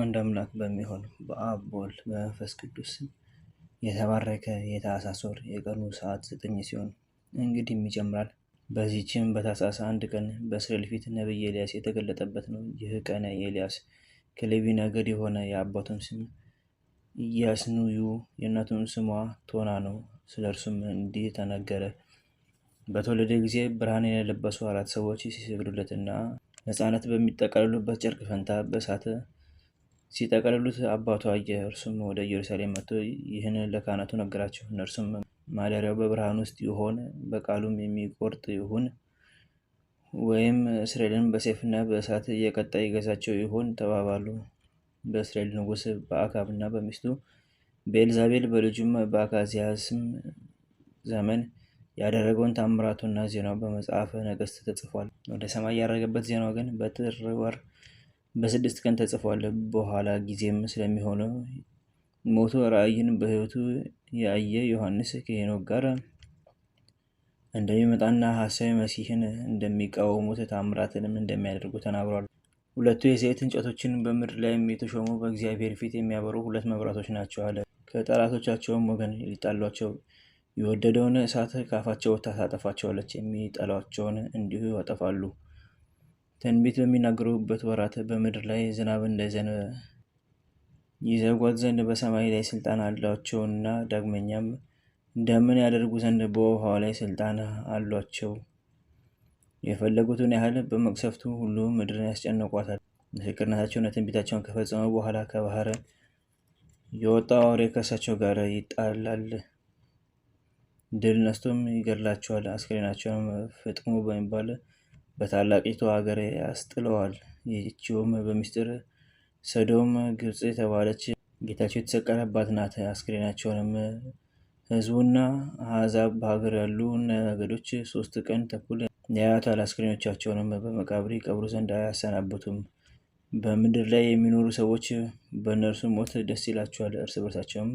አንድ አምላክ በሚሆን በአብ በወልድ በመንፈስ ቅዱስ የተባረከ የታህሳስ ወር የቀኑ ሰዓት ዘጠኝ ሲሆን እንግዲህም ይጨምራል። በዚህችም በታህሳስ አንድ ቀን በእስራኤል ፊት ነቢይ ኤልያስ የተገለጠበት ነው። ይህ ቀን ኤልያስ ከሌዊ ነገድ የሆነ የአባቱም ስም እያስኑዩ የእናቱም ስሟ ቶና ነው። ስለ እርሱም እንዲህ ተነገረ። በተወለደ ጊዜ ብርሃን የለበሱ አራት ሰዎች ሲሰግዱለትና ሕፃናት በሚጠቀልሉበት ጨርቅ ፈንታ በእሳተ ። ሲጠቀልሉት አባቱ አየ። እርሱም ወደ ኢየሩሳሌም መጥቶ ይህን ለካህናቱ ነገራቸው። እነርሱም ማደሪያው በብርሃን ውስጥ ይሆን፣ በቃሉም የሚቆርጥ ይሁን፣ ወይም እስራኤልን በሰይፍና በእሳት እየቀጣ ይገዛቸው ይሆን ተባባሉ። በእስራኤል ንጉሥ በአካብና በሚስቱ በኤልዛቤል በልጁም በአካዚያስም ዘመን ያደረገውን ታምራቱና ዜናው በመጽሐፈ ነገሥት ተጽፏል። ወደ ሰማይ ያረገበት ዜናው ግን በጥር ወር በስድስት ቀን ተጽፏል። በኋላ ጊዜም ስለሚሆነው ሞቶ ራእይን በሕይወቱ ያየ ዮሐንስ ከሄኖክ ጋር እንደሚመጣና ሐሳዊ መሲህን እንደሚቃወሙት ታምራትንም እንደሚያደርጉ ተናግሯል። ሁለቱ የዘይት እንጨቶችን በምድር ላይም የተሾሙ በእግዚአብሔር ፊት የሚያበሩ ሁለት መብራቶች ናቸው አለ። ከጠላቶቻቸውም ወገን ሊጣሏቸው የወደደውን እሳት ካፋቸው ታሳጠፋቸዋለች። የሚጠሏቸውን እንዲሁ ያጠፋሉ። ትንቢት በሚናገሩበት ወራት በምድር ላይ ዝናብ እንዳይዘንብ ይዘጓት ዘንድ በሰማይ ላይ ስልጣን አሏቸውና፣ ዳግመኛም እንደምን ያደርጉ ዘንድ በውሃ ላይ ስልጣን አሏቸው። የፈለጉትን ያህል በመቅሰፍቱ ሁሉ ምድርን ያስጨንቋታል። ምስክርነታቸውና ትንቢታቸውን ከፈጸመ በኋላ ከባህር የወጣው አውሬ ከእሳቸው ጋር ይጣላል። ድል ነስቶም ይገድላቸዋል። አስክሬናቸውን ፍጥሞ በሚባል በታላቂቱ ሀገር ያስጥለዋል። ይህችውም በምስጢር ሰዶም ግብፅ የተባለች ጌታቸው የተሰቀለባት ናት። አስክሬናቸውንም ህዝቡና አሕዛብ በሀገር ያሉ ነገዶች ሶስት ቀን ተኩል ያያቷል። አስክሬኖቻቸውንም በመቃብር ቀብሩ ዘንድ አያሰናብቱም። በምድር ላይ የሚኖሩ ሰዎች በእነርሱ ሞት ደስ ይላቸዋል፣ እርስ በርሳቸውም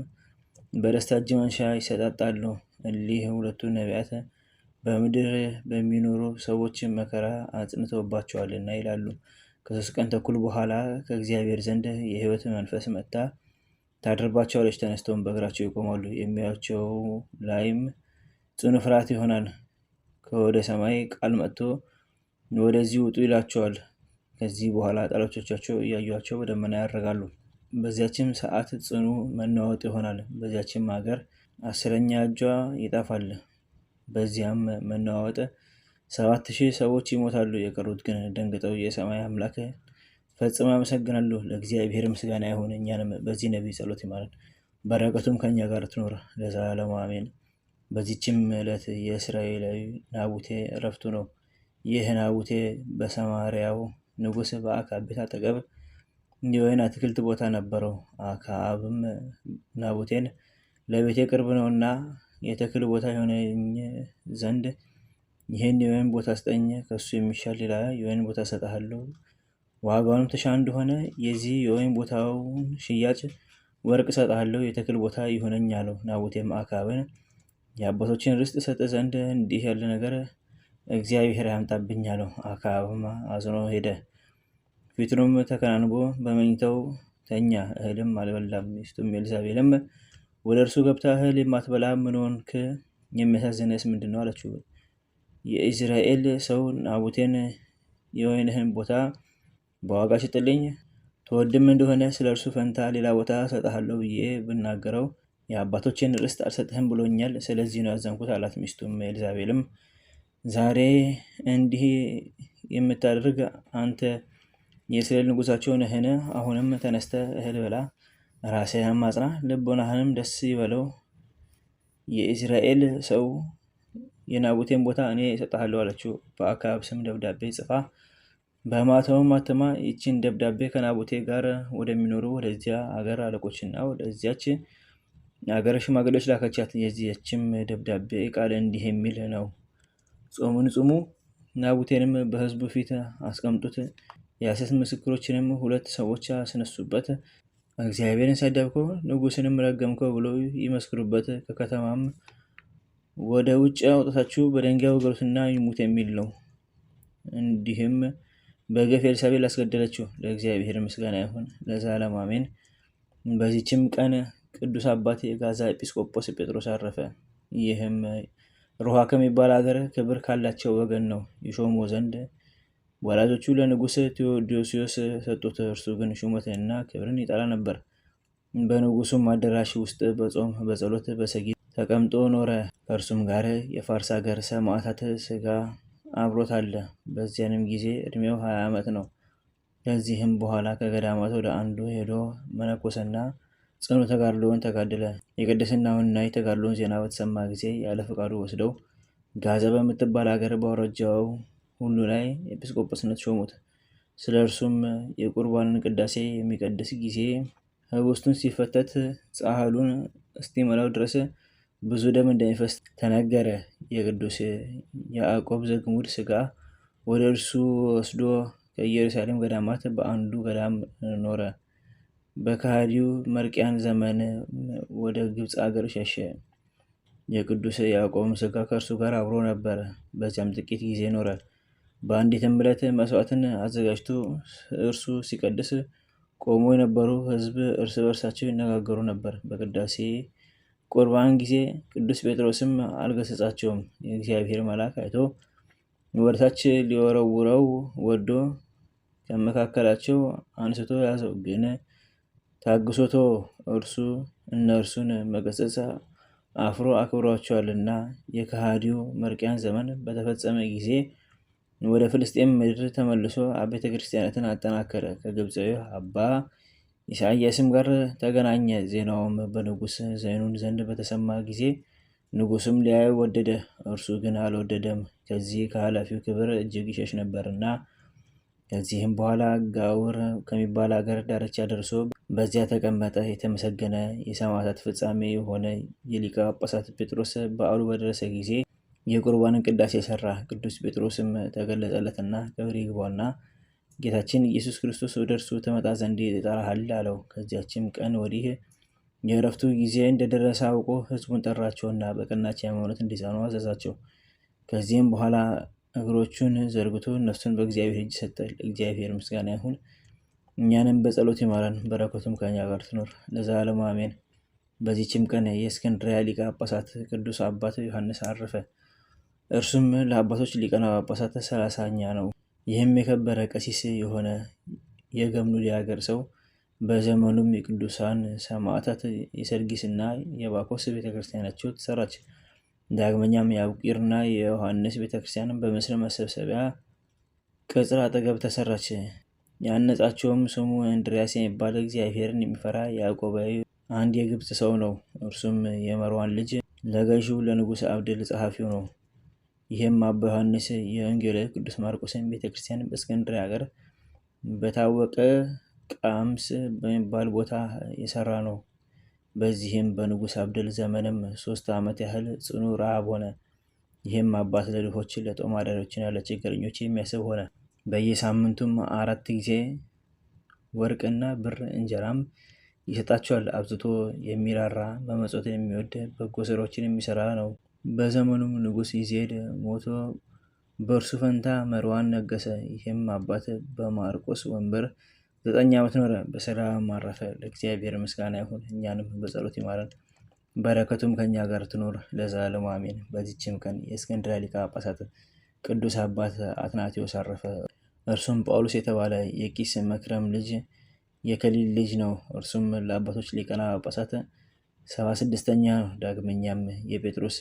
በደስታ እጅ መንሻ ይሰጣጣሉ። እሊህ ሁለቱ ነቢያት በምድር በሚኖሩ ሰዎችን መከራ አጽንተውባቸዋልና ይላሉ። ከሶስት ቀን ተኩል በኋላ ከእግዚአብሔር ዘንድ የሕይወት መንፈስ መጥታ ታድርባቸዋለች። ተነስተውም በእግራቸው ይቆማሉ፣ የሚያቸው ላይም ጽኑ ፍርሃት ይሆናል። ከወደ ሰማይ ቃል መጥቶ ወደዚህ ውጡ ይላቸዋል። ከዚህ በኋላ ጠላቶቻቸው እያዩቸው በደመና ያደርጋሉ። በዚያችም ሰዓት ጽኑ መናወጥ ይሆናል። በዚያችም ሀገር አስረኛ እጇ ይጠፋል። በዚያም መነዋወጥ ሰባት ሺህ ሰዎች ይሞታሉ። የቀሩት ግን ደንግጠው የሰማይ አምላክ ፈጽሞ ያመሰግናሉ። ለእግዚአብሔር ምስጋና ይሁን፣ እኛንም በዚህ ነቢይ ጸሎት ይማረን፣ በረከቱም ከኛ ጋር ትኖር ለዘላለሙ አሜን። በዚችም ዕለት የእስራኤላዊ ናቡቴ እረፍቱ ነው። ይህ ናቡቴ በሰማርያው ንጉሥ በአካብ ቤት አጠገብ የወይን አትክልት ቦታ ነበረው። አካብም ናቡቴን ለቤቴ ቅርብ ነውና የተክል ቦታ ይሆነኝ ዘንድ ይህን የወይን ቦታ ስጠኝ፣ ከሱ የሚሻል ሌላ የወይን ቦታ እሰጥሃለሁ፣ ዋጋውንም ትሻ እንደሆነ የዚህ የወይን ቦታውን ሽያጭ ወርቅ እሰጥሃለሁ፣ የተክል ቦታ ይሆነኝ አለው። ናቡቴም አክዓብን የአባቶችን ርስት ሰጠ ዘንድ እንዲህ ያለ ነገር እግዚአብሔር ያምጣብኝ አለው። አክዓብም አዝኖ ሄደ። ፊቱንም ተከናንቦ በመኝታው ተኛ፣ እህልም አልበላም። ሚስቱም ኤልዛቤልም ወደ እርሱ ገብታ እህል የማትበላ ምን ሆንክ? የሚያሳዝንስ ምንድን ነው አለችው። የእስራኤል ሰው ናቡቴን የወይንህን ቦታ በዋጋ ሽጥልኝ፣ ተወድም እንደሆነ ስለ እርሱ ፈንታ ሌላ ቦታ ሰጠሃለሁ ብዬ ብናገረው የአባቶችን ርስት አልሰጥህም ብሎኛል። ስለዚህ ነው ያዘንኩት አላት። ሚስቱም ኤልዛቤልም ዛሬ እንዲህ የምታደርግ አንተ የእስራኤል ንጉሳቸው ነህን? አሁንም ተነስተ እህል ብላ ራሴን ማጽና ልቦናህንም ደስ ይበለው። የኢዝራኤል ሰው የናቡቴን ቦታ እኔ እሰጥሃለሁ አለችው። በአክዓብ ስም ደብዳቤ ጽፋ በማተሙም ማተማ ይችን ደብዳቤ ከናቡቴ ጋር ወደሚኖሩ ወደዚያ አገር አለቆችና ወደዚያች አገር ሽማግሌዎች ላከቻት። የዚያችም ደብዳቤ ቃል እንዲህ የሚል ነው። ጾሙን ጽሙ፣ ናቡቴንም በህዝቡ ፊት አስቀምጡት። የሐሰት ምስክሮችንም ሁለት ሰዎች አስነሱበት። እግዚአብሔርን ሰደብከው ንጉስንም ረገምከው ብሎ ይመስክሩበት። ከከተማም ወደ ውጭ አውጥታችሁ በደንጋይ ወገሩትና ይሙት የሚል ነው። እንዲህም በገፍ ኤልሳቤጥ አስገደለችው። ለእግዚአብሔር ምስጋና ይሁን ለዘላለም አሜን። በዚችም ቀን ቅዱስ አባት የጋዛ ኤጲስቆጶስ ጴጥሮስ አረፈ። ይህም ሩሃ ከሚባል ሀገር ክብር ካላቸው ወገን ነው ይሾሞ ዘንድ ወላጆቹ ለንጉሥ ቴዎዶሲዮስ ሰጡት። እርሱ ግን ሹመትንና ክብርን ይጠላ ነበር። በንጉሱም አዳራሽ ውስጥ በጾም በጸሎት በሰጊድ ተቀምጦ ኖረ። ከእርሱም ጋር የፋርስ አገር ሰማዕታት ስጋ አብሮት አለ። በዚያንም ጊዜ ዕድሜው ሀያ ዓመት ነው። ከዚህም በኋላ ከገዳማት ወደ አንዱ ሄዶ መነኮሰና ጽኑ ተጋድሎውን ተጋደለ። የቅድስናውንና የተጋድሎውን ዜና በተሰማ ጊዜ ያለ ፈቃዱ ወስደው ጋዘ በምትባል ሀገር በአውራጃው ሁሉ ላይ ኤጲስቆጶስነት ሾሙት። ስለ እርሱም የቁርባንን ቅዳሴ የሚቀድስ ጊዜ ህብስቱን ሲፈተት ጻሕሉን እስኪሞላው ድረስ ብዙ ደም እንደሚፈስ ተነገረ። የቅዱስ ያዕቆብ ዘግሙድ ስጋ ወደ እርሱ ወስዶ ከኢየሩሳሌም ገዳማት በአንዱ ገዳም ኖረ። በካሃዲው መርቅያን ዘመን ወደ ግብፅ አገር ሸሸ። የቅዱስ ያዕቆብም ስጋ ከእርሱ ጋር አብሮ ነበረ። በዚያም ጥቂት ጊዜ ኖረ። በአንዲትም ዕለት መስዋዕትን አዘጋጅቶ እርሱ ሲቀድስ ቆሞ የነበሩ ሕዝብ እርስ በርሳቸው ይነጋገሩ ነበር። በቅዳሴ ቁርባን ጊዜ ቅዱስ ጴጥሮስም አልገሰጻቸውም። የእግዚአብሔር መልአክ አይቶ ወደ ሊወረውረው ወዶ ከመካከላቸው አንስቶ ያዘው። ግን ታግሶቶ እርሱ እነርሱን መገሰጽ አፍሮ አክብሯቸዋልና። የከሃዲው መርቅያን ዘመን በተፈጸመ ጊዜ ወደ ፍልስጤም ምድር ተመልሶ አብያተ ክርስቲያናትን አጠናከረ። ከግብፃዊው አባ ኢሳያስም ጋር ተገናኘ። ዜናውም በንጉሥ ዘይኑን ዘንድ በተሰማ ጊዜ ንጉስም ሊያዩ ወደደ፣ እርሱ ግን አልወደደም፣ ከዚህ ከኃላፊው ክብር እጅግ ይሸሽ ነበርና። ከዚህም በኋላ ጋውር ከሚባል ሀገር ዳርቻ ደርሶ በዚያ ተቀመጠ። የተመሰገነ የሰማዕታት ፍጻሜ የሆነ የሊቀ ጳጳሳት ጴጥሮስ በዓሉ በደረሰ ጊዜ የቁርባንን ቅዳሴ የሰራ ቅዱስ ጴጥሮስም ተገለጸለትና ክብር ይግባውና ጌታችን ኢየሱስ ክርስቶስ ወደ እርሱ ትመጣ ዘንድ ይጠራሃል አለው። ከዚያችም ቀን ወዲህ የእረፍቱ ጊዜ እንደደረሰ አውቆ ሕዝቡን ጠራቸውና በቀናች ሃይማኖት እንዲጸኑ አዘዛቸው። ከዚህም በኋላ እግሮቹን ዘርግቶ ነፍሱን በእግዚአብሔር እጅ ሰጠ። እግዚአብሔር ምስጋና ይሁን፣ እኛንም በጸሎት ይማረን፣ በረከቱም ከኛ ጋር ትኖር ለዘላለሙ አሜን። በዚህችም ቀን የእስክንድርያ ሊቀ ጳጳሳት ቅዱስ አባት ዮሐንስ አረፈ። እርሱም ለአባቶች ሊቀና ጳጳሳት ሰላሳኛ ነው። ይህም የከበረ ቀሲስ የሆነ የገምኑድ የሀገር ሰው በዘመኑም የቅዱሳን ሰማዕታት የሰርጊስና የባኮስ ቤተክርስቲያናቸው ተሰራች። ዳግመኛም የአቡቂርና የዮሐንስ ቤተክርስቲያን በምስል መሰብሰቢያ ቅጽር አጠገብ ተሰራች። ያነጻቸውም ስሙ እንድሪያስ የሚባል እግዚአብሔርን የሚፈራ የአቆባዊ አንድ የግብፅ ሰው ነው። እርሱም የመርዋን ልጅ ለገዢው ለንጉሥ አብድል ጸሐፊው ነው። ይህም አባ ዮሐንስ የወንጌል ቅዱስ ማርቆስን ቤተ ክርስቲያን በእስክንድርያ ሀገር በታወቀ ቃምስ በሚባል ቦታ የሰራ ነው። በዚህም በንጉሥ አብደል ዘመንም ሶስት ዓመት ያህል ጽኑ ረሃብ ሆነ። ይህም አባት ለድሆች ለጦም አዳሪዎችና ለችግረኞች የሚያስብ ሆነ። በየሳምንቱም አራት ጊዜ ወርቅና ብር እንጀራም ይሰጣቸዋል። አብዝቶ የሚራራ በመጾት የሚወድ በጎ ስራዎችን የሚሰራ ነው። በዘመኑም ንጉሥ ይዜድ ሞቶ በእርሱ ፈንታ መርዋን ነገሰ ይህም አባት በማርቆስ ወንበር ዘጠኝ ዓመት ኖረ፣ በሰላም አረፈ። ለእግዚአብሔር ምስጋና ይሁን፣ እኛንም በጸሎት ይማረን፣ በረከቱም ከእኛ ጋር ትኖር ለዘላለሙ አሜን። በዚችም ቀን የእስክንድርያ ሊቀ ጳጳሳት ቅዱስ አባት አትናቴዎስ አረፈ። እርሱም ጳውሎስ የተባለ የቂስ መክረም ልጅ የከሊል ልጅ ነው። እርሱም ለአባቶች ሊቀና ጳጳሳት ሰባ ስድስተኛ ዳግመኛም የጴጥሮስ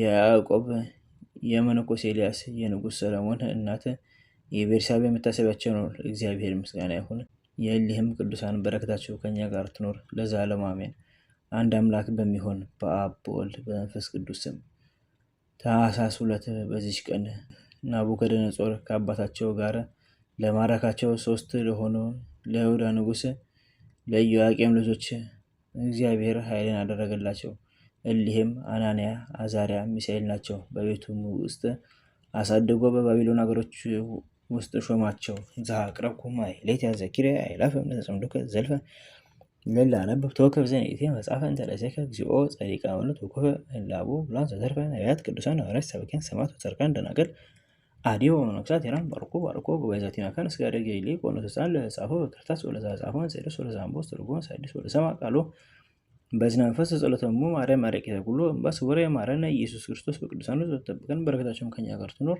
የያዕቆብ የመነኮስ ኤልያስ የንጉሥ ሰለሞን እናት የቤርሳቤ መታሰቢያቸው ነው። እግዚአብሔር ምስጋና ይሁን። የእሊህም ቅዱሳን በረከታቸው ከኛ ጋር ትኖር ለዛ አሜን። አንድ አምላክ በሚሆን በአብ በወልድ በመንፈስ ቅዱስ ስም ታኅሳስ ሁለት በዚች ቀን ናቡከደነጾር ከአባታቸው ጋር ለማረካቸው ሶስት ለሆኑ ለይሁዳ ንጉሥ ለኢዮአቄም ልጆች እግዚአብሔር ኃይልን አደረገላቸው። እሊህም አናንያ፣ አዛሪያ፣ ሚሳኤል ናቸው። በቤቱም ውስጥ አሳድጎ በባቢሎን ሀገሮች ውስጥ ሾማቸው። ዘአቅረብኩ ማሕሌተ ዘኪርየ አእላፈ እምነተጸምዱከ ዘልፈ ሌላ አነበብ ተወከፍ ዘንኢቴ መጽሐፈ እንተ ለእሴከ እግዚኦ ጸዲቀ አመኑት ወኮፈ ላቡ ብሉዓን ዘተርፈ ነቢያት ቅዱሳን ሐዋርያት ሰበኪያን ሰማት ወጻድቃን እንደናገር አዲው በመነኮሳት ኢራን ባርኮ ባርኮ ጉባኤዛቲ መካን እስከ ደግ ይሌ ተሳን ለጻፎ በክርታስ ወለዛ ጻፈን ሴደስ ወለዛንቦስ ትርጎን ሳዲስ ወለሰማ ቃሎ በዚህ መንፈስ ተጸሎተሙ ማርያም ማርያም ተጉሎ እንባስ ወሬ ማረነ ኢየሱስ ክርስቶስ በቅዱሳኑ ተጠብቀን በረከታቸውም ከኛ ጋር ትኖር።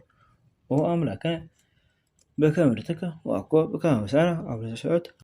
ኦ አምላከ በከምርትከ ዋቆ በከመ ምሳና አብዘሰት